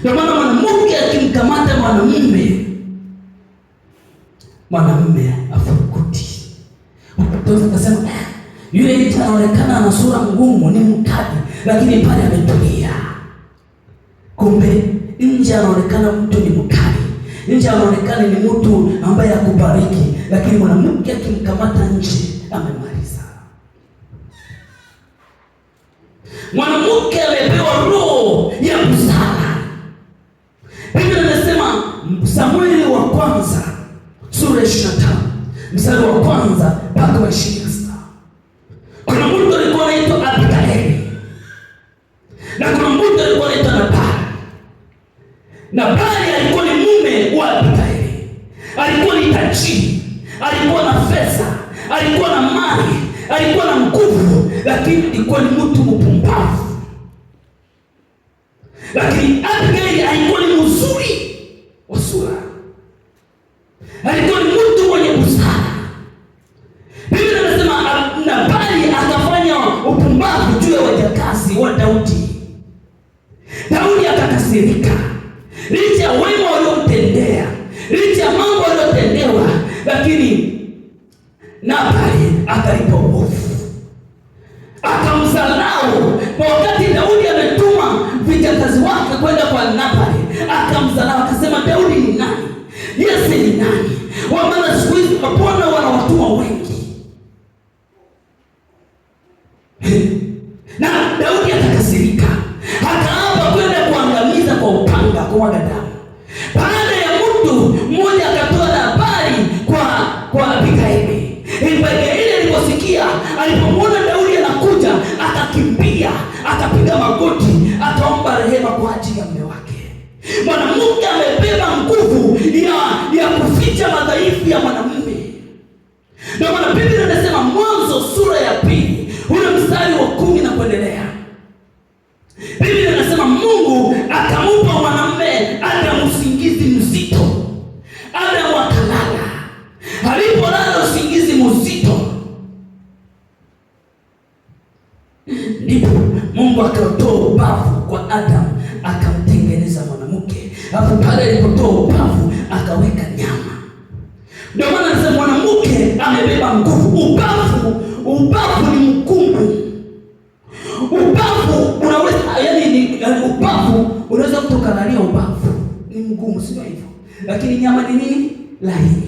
Ndio maana mwanamke akimkamata mwanamume, mwanamume afukuti, wakatoza akasema ah, yule mtu anaonekana ana sura ngumu, ni mkali, lakini pale ametulia. Kumbe nje anaonekana mtu ni mkali, nje anaonekana ni mtu ambaye akubariki, lakini mwanamke akimkamata nje amemaliza. Mwanamke amepewa roho ya busara. Biblia inasema Samueli wa kwanza sura 25 mstari wa kwanza mpaka wa 26. Kuna mtu alikuwa anaitwa Abigaili na kuna mtu alikuwa anaitwa Nabali. Nabali alikuwa ni mume wa Abigaili, alikuwa ni tajiri, alikuwa na pesa, alikuwa na mali, alikuwa na nguvu, lakini alikuwa ni mtu mpumbavu lakini Abigaili alikuwa ni mzuri wa sura. mchanga kumwaga damu. Baada ya mtu mmoja akatoa habari kwa kwa Abigaili. Abigaili aliposikia, alipomwona Daudi anakuja, akakimbia, akapiga magoti, akaomba rehema kwa ajili ya mume wake. Mwanamke amebeba nguvu ya ya kuficha madhaifu ya mwanamume. Ndio maana Biblia inasema Mwanzo sura ya pili ule mstari wa kumi na kuendelea kwamba Mungu atamupa mwanamume Adamu usingizi mzito. Adamu akalala, alipolala usingizi mzito, ndipo Mungu akatoa ubavu kwa Adamu akamtengeneza mwanamke, hapo pale alipotoa ubavu akaweka nyama. Ndio maana sasa mwanamke amebeba nguvu. Ubavu, ubavu lakini nyama ni nini? Laini.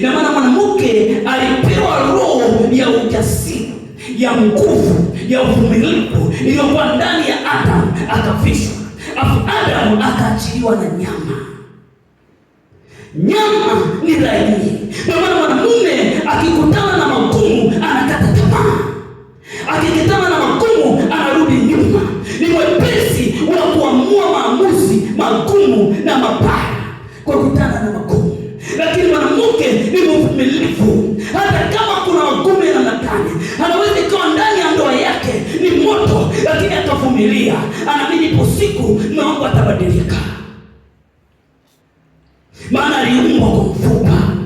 Na maana mwanamke alipewa roho ya ujasiri, ya nguvu, ya uvumilivu iliyokuwa ndani ya Adamu, akavishwa, afu Adamu akaachiliwa na nyama. Nyama ni laini. Na maana mwanamume akikutana na magumu anakata tamaa, akikutana na magumu anarudi nyuma. Ni mwepesi wa kuamua maamuzi magumu na mabaya kukutana na magumu, lakini mwanamke ni mvumilivu. Hata kama kuna magumu yanamtani, anaweza ikawa ndani ya ndoa yake ni moto, lakini atavumilia, anaamini ipo siku Mungu atabadilika, maana aliumbwa kwa mfupa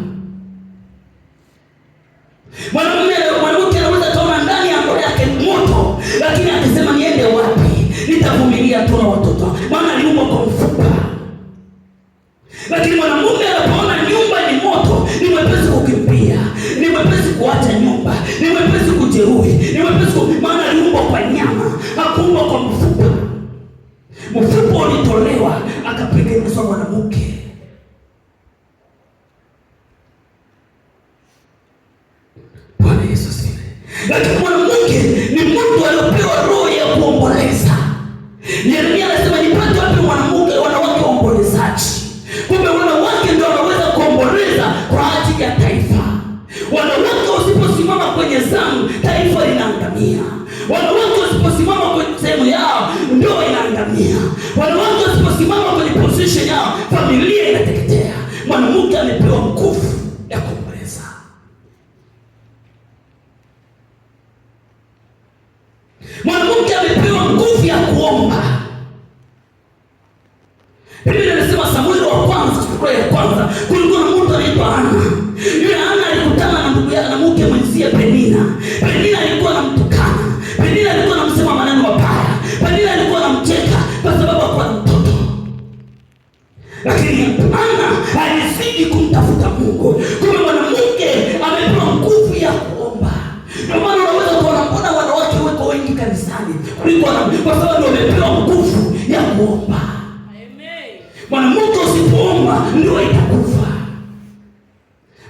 dunia. Wanawake wasiposimama kwenye position yao, familia inateketea. Mwanamke amepewa mkufu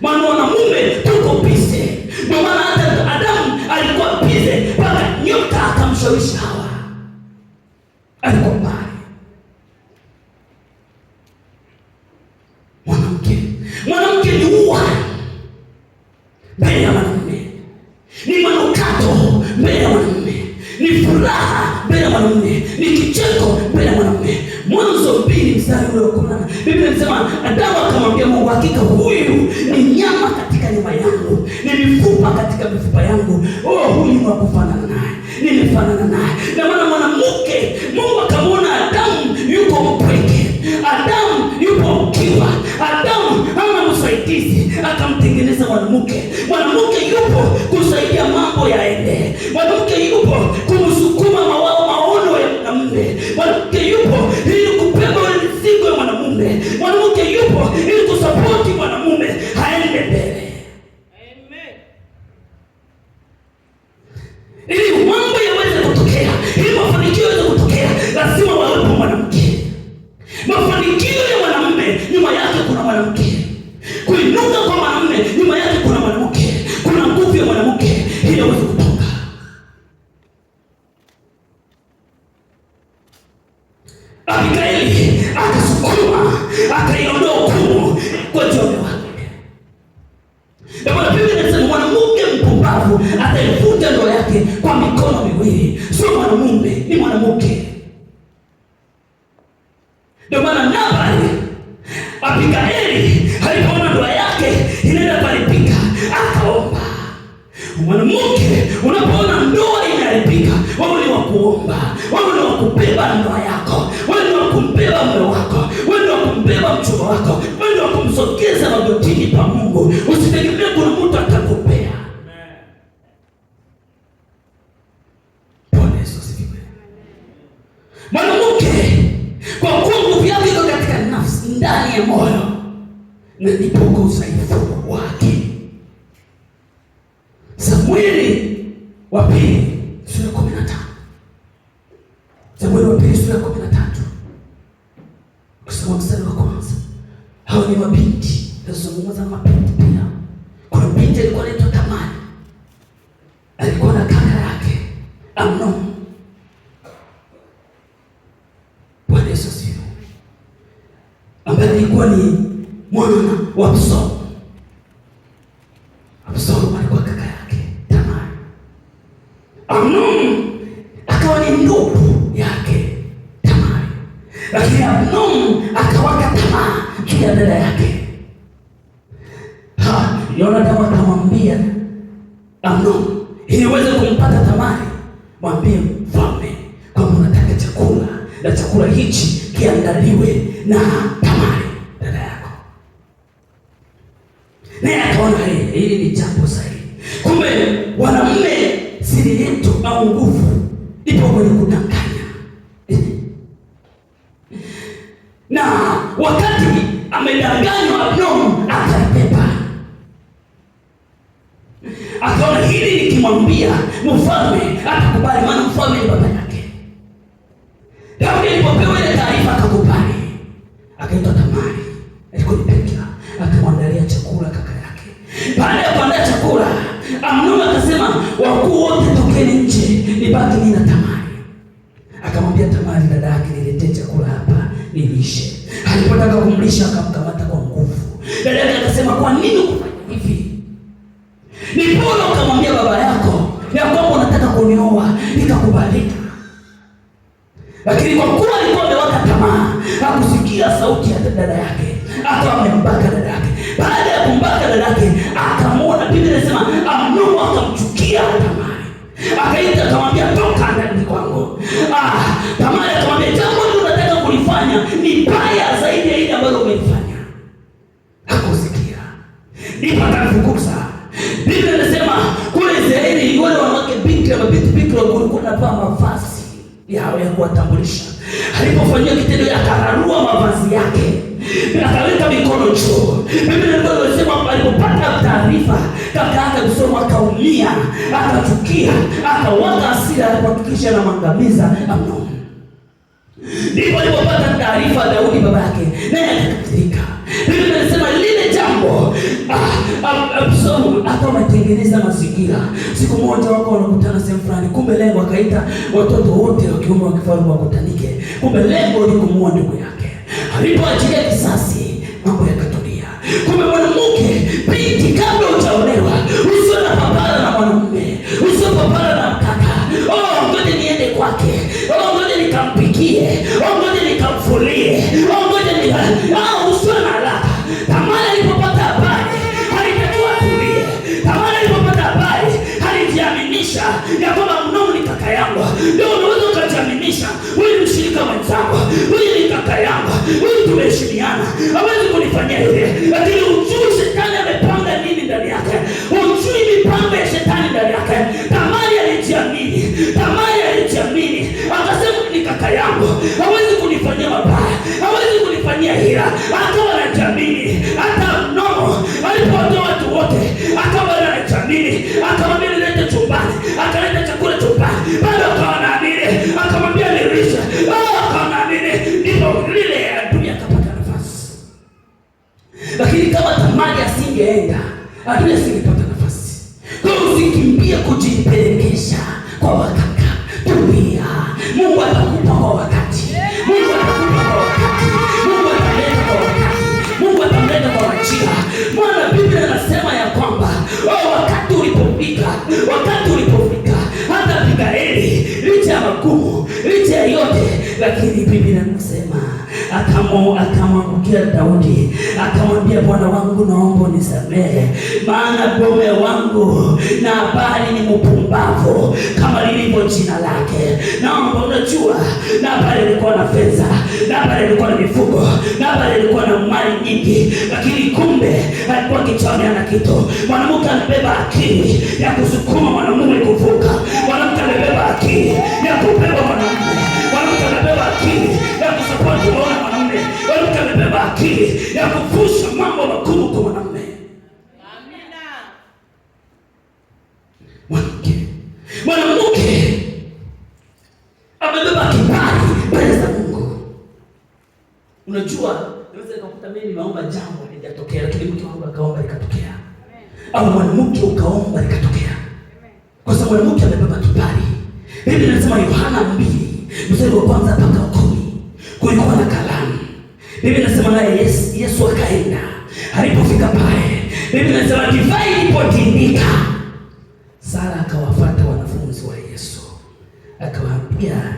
mwana mwanamume tuko pise, ndio maana mwanamke, unapoona ndoa inaharibika, wewe ni wa kuomba, wewe ni wa kubeba ndoa yako, wewe ni wa kumbeba mume wako, wewe ni wa kumbeba mchumba wako, wewe ni wa kumsogeza magotini pa Mungu. Usitegemee wa pili sura kumi na tano Samueli wa pili sura kumi na tatu ukisoma mstari wa kwanza hao ni mabinti, nazungumza mabinti pia. Kuna binti alikuwa naitwa Tamari, alikuwa na kaka yake Amnon. Bwana Yesu asifiwe, ambaye alikuwa ni mwana wa Msoma. Lakini nikimwambia mfalme atakubali, maana mfalme ni baba yake. Daudi alipopewa ile taarifa akakubali, akaitwa Tamari, alikuwa ni akamwandalia chakula kaka yake. Baada ya kuandaa chakula, Amnoni akasema wakuu wote tokeni nje, nibaki mimi na Tamari. Akamwambia Tamari, dada yake, niletee chakula hapa nilishe. Alipotaka kumlisha akamkamata kwa nguvu. Dada yake akasema kwa nini kumwambia baba yako ya kwamba unataka kunioa nikakubalika, lakini kwa kuwa alikuwa amewaka tamaa, hakusikia sauti ya dada yake, akawa amembaka dada yake. Baada ya kumbaka dada yake, akamwona. Biblia inasema Amnoni akamchukia Tamari, akaita akamwambia, toka ndani kwangu. Ah, Tamari akamwambia, jambo unataka kulifanya ni baya zaidi ya kuwatambulisha. Alipofanyia kitendo akararua mavazi yake, akaweka mikono juu. Biblia alipopata taarifa, kaka yake Absalomu akaumia, akachukia, akawaka hasira, na mangamiza Amnoni. Ndipo alipopata taarifa Daudi baba yake, naye akakasirika hata unatengeneza mazingira. Siku moja wako wanakutana sehemu fulani, kumbe lengo akaita watoto wote wa kiume wa kifalme wakutanike, kumbe lengo ni kumuua ndugu yake. Alipoachilia kisasi, mambo yakatulia. Kumbe mwanamke, binti, kabla ujaolewa, usiwe na papara na mwanamume, usio papara akamwambia nilete chumbani, akaleta chakula chumbani, bado akawaamini, akamwambia nilishe, akawaamini, ndipo lile adui akapata nafasi. Lakini kama Tamari asingeenda, adui asingepata nafasi. Kwa hiyo kujipelekesha kwa wakaka, tumia Mungu atakupa Lakini Biblia inasema akamwangukia Daudi, akamwambia, Bwana wangu, naomba nisamehe, maana bome wangu na habari ni mpumbavu kama lilivyo jina lake. Naomba, unajua na habari ilikuwa na fedha, na habari ilikuwa na mifugo, na habari ilikuwa na mali nyingi, lakini kumbe alikuwa kichwani ana kitu. Mwanamke amebeba akili ya kusukuma mwanamume kuvuka, mwanamke amebeba akili ya kubeba au mwanamke ukaomba ikatokea, kwa sababu mwanamke amebeba kibali. Biblia inasema Yohana mbili mstari wa kwanza mpaka wa kumi kulikuwa na kalamu. Biblia inasema naye Yesu, Yesu akaenda. Alipofika pale, Biblia inasema divai ilipotindika, Sara akawafata wanafunzi wa Yesu akawaambia,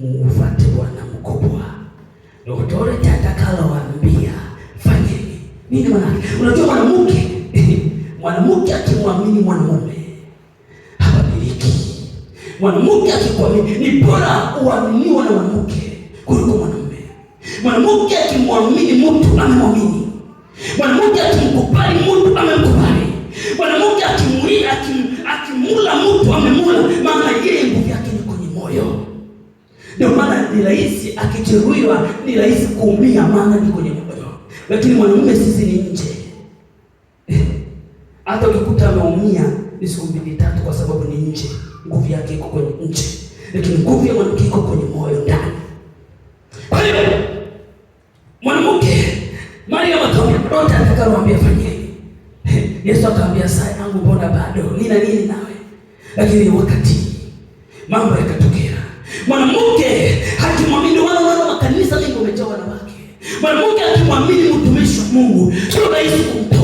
mufuate Bwana mkubwa, lolote atakalowaambia fanyeni. Nini maana? Unajua mwanamke mwanamke akimwamini mwanamume habadiliki. Mwanamke akikuamini ni bora uaminiwa na mwanamke kuliko mwanamume. Mwanamke akimwamini mtu amemwamini, mwanamke akimkubali mtu amemkubali, mwanamke akimlia akimula mtu amemula, maana yeye nguvu yake ni kwenye moyo. Ndio maana ni rahisi, akijeruhiwa ni rahisi kuumia, maana ni kwenye moyo, lakini mwanamume sisi ni nje hata ukikuta ameumia ni siku mbili tatu, kwa sababu ni nje, nguvu yake iko kwenye nje, lakini nguvu ya mwanamke iko kwenye moyo ndani. Kwa hiyo mwanamke Maria akamrota atakaloambia fanyeni, Yesu akamwambia saa yangu mbona bado, nina nini nawe? Lakini wakati mambo yakatokea, mwanamke hakimwamini wala wala makanisa mengi umejawa wanawake. Mwanamke akimwamini mtumishi wa Mungu sio rahisi kumpa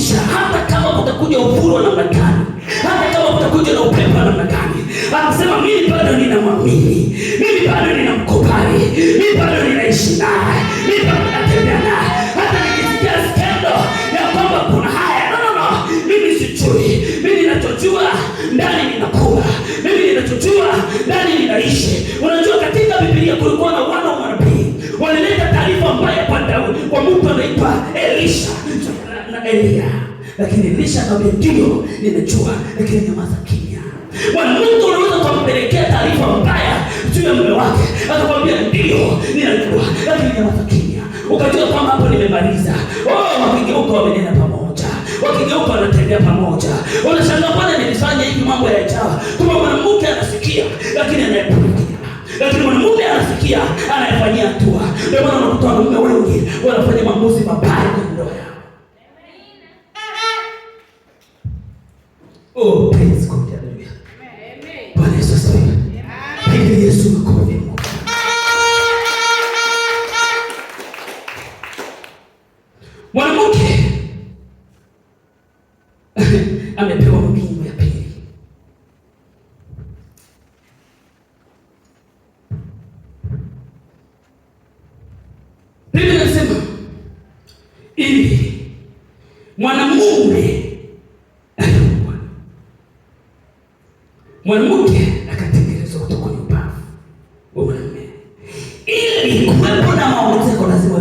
maisha, hata kama kutakuja uhuru wa namna gani, hata kama kutakuja na upepo wa namna gani, anasema mimi bado ninamwamini, mimi bado ninamkubali, mimi bado ninaishi naye, mimi bado natembea naye, hata nikisikia skendo ya kwamba kuna haya, no, no, no, mimi sichui, mimi ninachojua ndani ninakula, mimi ninachojua ndani ninaishi. Unajua, katika Biblia kulikuwa na wana wa nabii walileta taarifa mbaya kwa Daudi, kwa mtu anaitwa Elisha Elia, lakini Elisha akamwambia ndio, nimejua, lakini nyamaza kimya. Bwana Mungu unaweza kumpelekea taarifa mbaya juu ya mume wake, akakwambia ndio, ninajua, lakini nyamaza kimya, ukajua kwamba hapo nimemaliza. Oh, wakigeuka wamenena pamoja, wakigeuka wanatembea pamoja, wanashangaa bwana, nilifanya hivi mambo ya jawa. Kumbe mwanamke anasikia, lakini anayepurukia lakini mwanamume anasikia anayefanyia hatua. Ndio maana unakuta wanaume wengi wanafanya maamuzi mabaya kwenye ndoa. mwanamume akaoa, mwanamke akatengeneza kutoka nyumbani wa mwanamume. Ili kuwepo na maongezeko lazima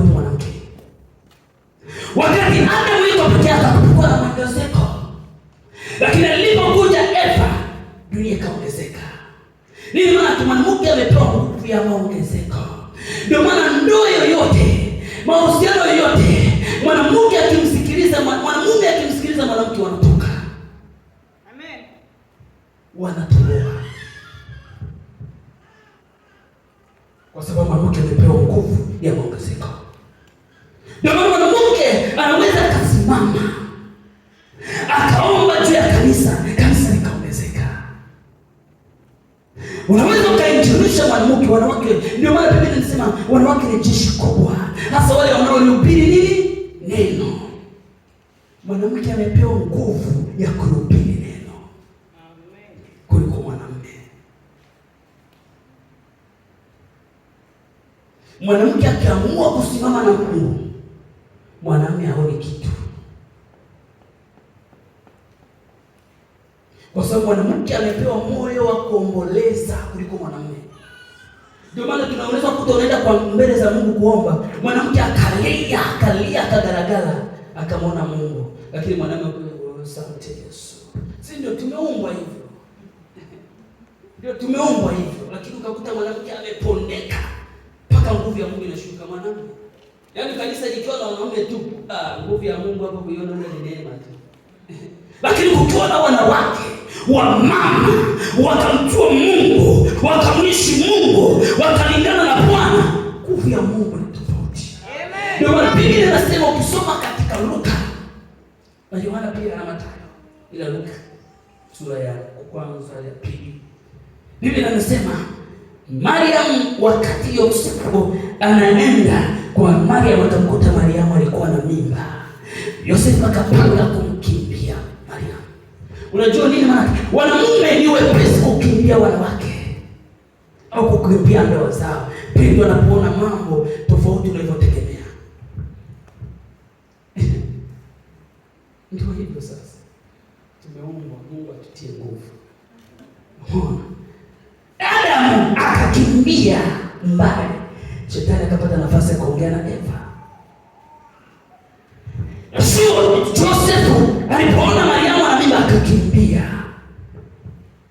Mwanamke akiamua kusimama na Mungu, mwanamume haoni kitu, kwa sababu mwanamke amepewa moyo wa kuomboleza kuliko mwanamume. Ndio maana tunaoneza kuto unaenda kwa mbele za Mungu kuomba, mwanamke akalia akalia akagaragara, akamwona Mungu, lakini mwanamume oh, asante Yesu. Si ndio tumeumbwa hivyo? Ndio tumeumbwa hivyo, lakini ukakuta mwanamke amepondeka mpaka nguvu ya Mungu inashuka mwanangu. Yaani kanisa likiwa na wanaume tu, ah, nguvu ya Mungu hapo kuiona ni neema tu. Lakini ukiwa na wanawake, wa mama wakamjua Mungu, wakamwishi Mungu, wakalingana na Bwana, nguvu ya Mungu ni tofauti. Amen. Ndio maana Biblia inasema ukisoma katika Luka na Yohana pia na Mathayo, ila Luka sura ya kwanza ya pili Biblia inasema Mariamu wakati Yosefu anaenda kwa Mariamu, atamkuta Mariamu alikuwa na mimba. Yosefu akapanga kumkimbia Mariamu. Unajua nini maana? Wanaume ni wepesi kukimbia wanawake au kukimbia ndoa zao pindi wanapoona mambo tofauti unavyotegemea. Ndio hivyo sasa, tumeumbwa Mungu atutie nguvu. Adamu akakimbia mbali, shetani akapata nafasi ya kuongea na Eva. Sio Josefu alipoona Mariamu ana mimba akakimbia,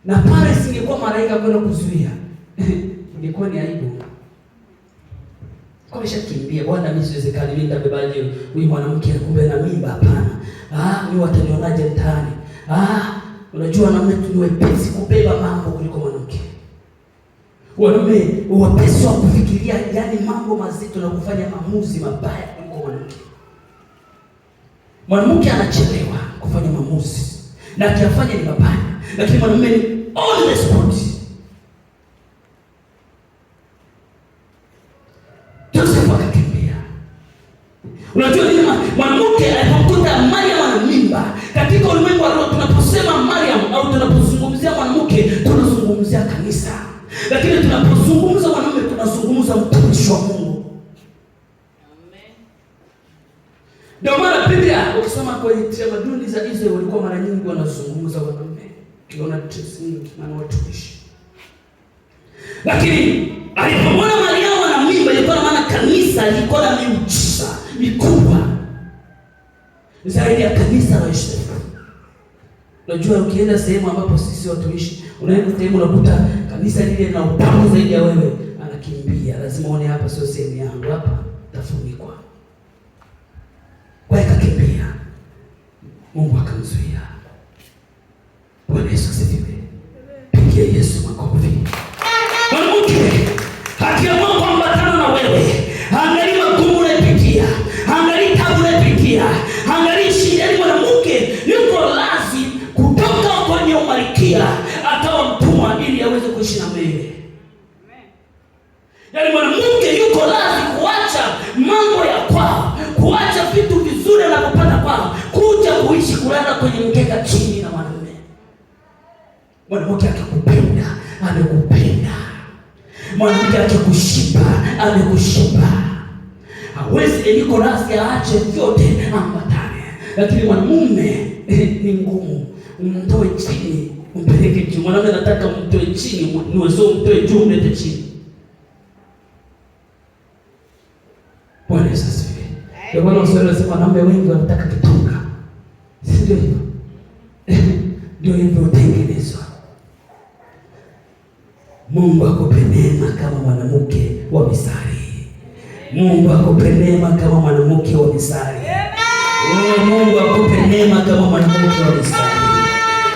na pale singekuwa malaika kwenda kuzuia ingekuwa ni aibu Ameshakimbia bwana, mimi siwezekani, mimi nitabebaje huyu mwanamke kumbe na mimba? Hapana, ah, mimi watanionaje mtaani? Ah, unajua namna tuliwepesi kubeba mambo kuliko mwanamke. Wanaume wapeswa kufikiria yani mambo mazito na kufanya maamuzi mabaya kuliko mwanamke. Mwanamke anachelewa kufanya maamuzi na akiyafanya ni mabaya, lakini mwanaume ni on the spot. Joseph akakimbia. Unajua Lakini tunapozungumza wanaume, tunazungumza utumishi wa Mungu. Ndio maana Biblia ukisoma kwenye tamaduni za Israeli walikuwa mara nyingi wanazungumza wanaume, tuliona tesi nyingi na watumishi. Lakini alipomwona Mariamu ana mimba, ilikuwa na maana kanisa lilikuwa na miujiza mikubwa zaidi ya kanisa la Israeli. Unajua, ukienda sehemu ambapo sisi watumishi, unaenda sehemu unakuta kanisa lile na utamu zaidi ya wewe, anakimbia. Lazima uone hapa sio sehemu yangu, hapa tafunikwa kwa, ikakimbia. Mungu akamzuia. kuishi na wewe. Yaani mwanamke yuko radhi kuacha mambo ya kwao, kuacha vitu vizuri anavyopata kwao, kuja kuishi kulala kwenye mkeka chini na mwanaume. Mwanamke akikupenda amekupenda, mwanamke akikushipa amekushipa. Hawezi eliko eh, radhi aache vyote ambatane, lakini mwanamume eh, ni ngumu, mtoe chini umpeleke juu. Mwanamke nataka mtoe chini, ni wazo mtoe juu, mlete chini. Bwana Yesu asifiwe. Ndio maana Waswahili wanasema wanaume wengi wanataka kitunga, si ndio hivyo? Ndio hivyo hutengenezwa. Mungu akupe neema kama mwanamke wa misari. Mungu akupe neema kama mwanamke wa Misri. Ee, Mungu akupe neema kama mwanamke wa misari.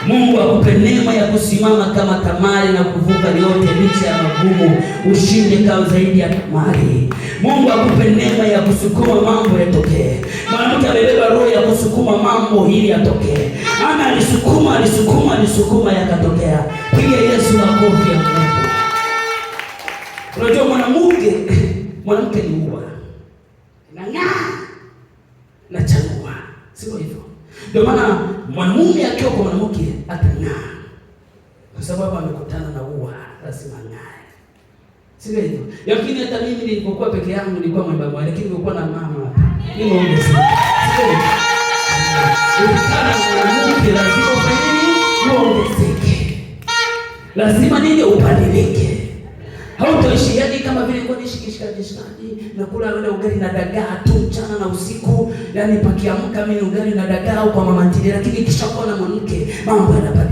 Mungu akupe neema ya kusimama kama Tamari na kuvuka yote licha ya magumu, ushinde kama zaidi ya Tamari. Mungu akupe neema ya kusukuma mambo yatokee. Mwanamke amebeba roho ya kusukuma mambo ili yatokee. Ana alisukuma alisukuma alisukuma, yakatokea. Piga Yesu makofi ya Mungu. Unajua mwanamke mwanamke ni uwa nang'aa na chanua, sio hivyo? Ndio maana mwanamume akiwa kwa mwanamke atang'aa, kwa sababu amekutana na ua, lazima ng'ae, sivyo hivyo? Lakini hata mimi nilipokuwa peke yangu nilikuwa mwembamba, lakini nilikuwa na mama hapa, nimeongea ukutana na lazima nini? Upadilike hautoishi hadi kama vile kwa nishi kishika jishani na kula wale ugali na dagaa tu mchana na usiku. Yani pakiamka mimi ugali na dagaa au kwa mama ntilie, lakini kisha kuwa na mwanamke mambo yanapata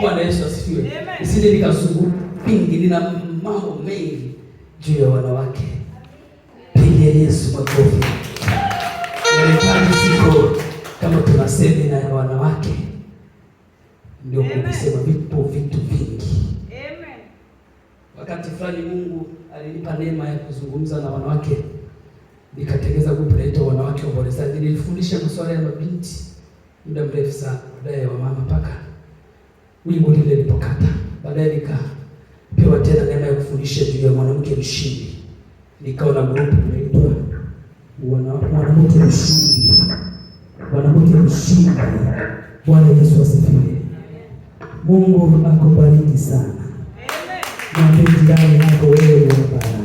Bwana Yesu asifiwe. Isije nikazunguka pingi, nina mambo mengi juu ya wanawake. Piga Yesu makofi. Marekani siko kama tuna semina ya wanawake, ndio kusema vipo vitu vingi. Wakati fulani Mungu alinipa neema ya kuzungumza na wanawake, nikatengeza grupu naitwa wanawake waombolezaji. Nilifundisha masuala ya mabinti muda mrefu sana, baadaye wa mama mpaka wimbo lile lilipokata, baadaye nikapewa tena neema ya kufundisha juu ya mwanamke mshindi, nikawa na grupu inaitwa mwanamke mshindi, mwanamke mshindi. Bwana Yesu asifiwe. Mungu akubariki sana. Mwambie jirani yako, wewe ni wa baraka,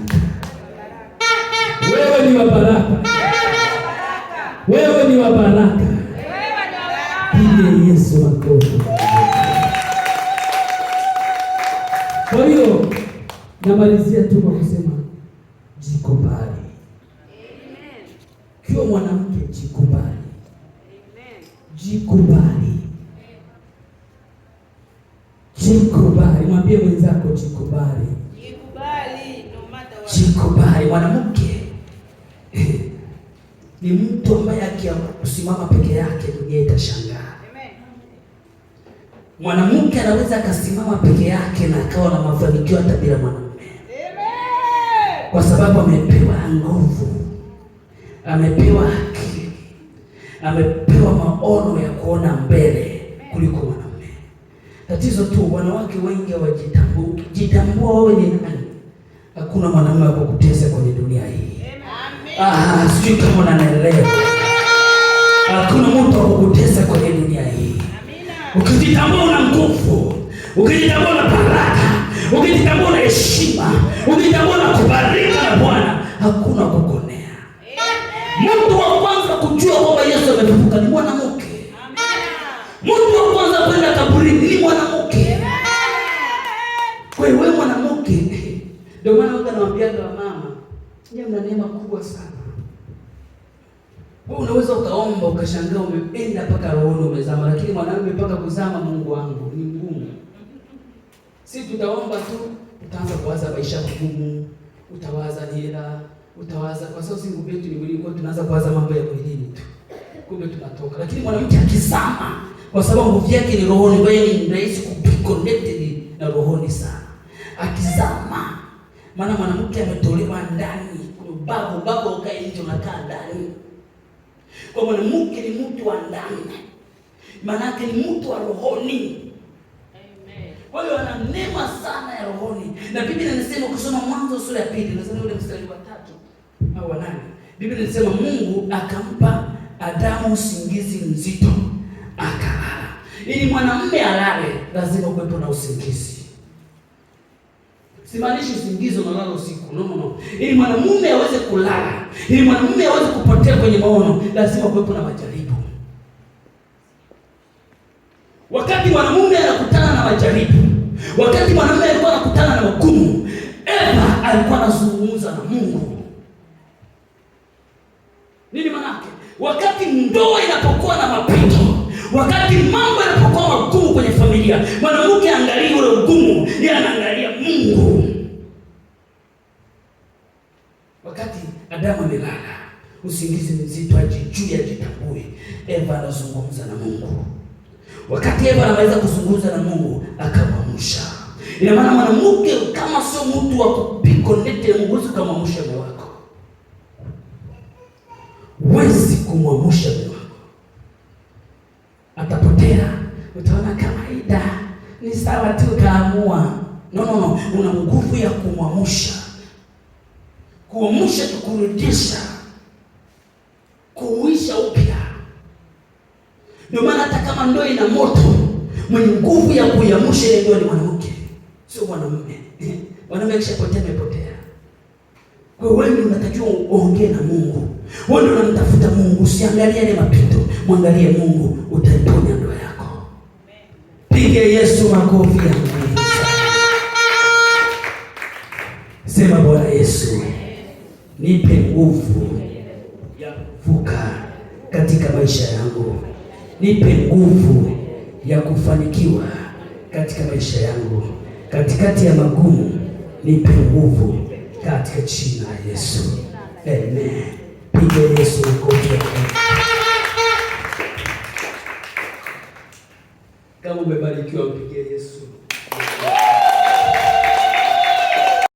wewe ni wa baraka, wewe ni wa baraka. hiyo namalizia tu kwa kusema Mwanamke anaweza akasimama peke yake na akawa na mafanikio hata bila mwanamume, kwa sababu amepewa nguvu, amepewa akili, amepewa maono ya kuona mbele kuliko mwanamume. Tatizo tu wanawake wengi hawajitambui. Jitambua wewe ni nani, hakuna mwanamume wa kukutesa kwenye dunia hii. Ah, sijui kama unanielewa. Hakuna mtu wa kukutesa kwenye dunia hii. Ukijitambua una nguvu, ukijitambua una baraka, ukijitambua una heshima, ukijitambua una kubarika na Bwana, hakuna kukonea. Mtu wa kwanza kujua kwamba Yesu amefufuka ni mwanamke. Mtu wa kwanza kwenda kaburini ni mwanamke. Kwa hiyo wewe mwanamke, ndio maana anawaambia wamama, mama, mna neema kubwa sana. Wewe unaweza ukaomba ukashangaa umeenda mpaka rohoni umezama, lakini mwanaume mpaka kuzama, Mungu wangu, ni ngumu. Si tutaomba tu, utaanza kuwaza maisha magumu, utawaza hela, utawaza kwa sababu si yetu ni mwilini, kwa tunaanza kuwaza mambo ya mwilini tu, kumbe tunatoka. Lakini mwanamke akizama, kwa sababu nguvu yake ni rohoni, kwa hiyo ni rahisi kuconnected na rohoni sana. Akizama maana mwanamke ametolewa ndani, babu babu kae nje, unakaa ndani kwa mwanamke ni mtu wa ndani, maanake ni mtu wa rohoni. Kwa hiyo ana neema sana ya rohoni, na Biblia inasema ukisoma Mwanzo sura ya pili nasema ule mstari wa tatu au wa nane, Biblia inasema Mungu akampa Adamu usingizi mzito akalala. Ili mwanamume alale, lazima kuwepo na usingizi Simaanishi usingizi unalala usiku, no, no. Ili mwanamume aweze kulala, ili mwanamume aweze kupotea kwenye maono, lazima kuwepo na majaribu. Wakati mwanamume anakutana na majaribu, wakati mwanamume alikuwa anakutana na makumu Eva alikuwa anazungumza na Mungu. Nini manake Wakati ndoa inapokuwa na mapito, wakati mambo yanapokuwa magumu kwenye familia, mwanamke angalie ule usingizi mzito, ajijue, ajitambue. Eva anazungumza na Mungu. Wakati Eva anaweza kuzungumza na Mungu, akamwamsha. Ina maana mwanamke kama sio mtu wa kupikonete nguzi ukamwamsha mume wako, Wezi kumwamsha mume wako, atapotea. Utaona kawaida ni sawa tu, kaamua. No, no, no, una nguvu ya kumwamsha, kuamsha tukurudisha kuuisha upya. Ndio maana hata kama ndoa ina moto, mwenye nguvu ya kuiamsha ile ndoa ni mwanamke, sio mwanamume. Mwanamume akishapotea amepotea. Kwa hiyo wewe unatakiwa uongee na Mungu, wewe ndio unamtafuta Mungu. Usiangalie ile mapito, mwangalie Mungu, utaiponya ndoa yako. Pige Yesu makofi ya sema Bwana Yesu, nipe nguvu maisha yangu, nipe nguvu ya kufanikiwa katika maisha yangu, katikati ya magumu, nipe nguvu katika jina la Yesu, amen. Piga Yesu makofi. Kama umebarikiwa, mpigie Yesu.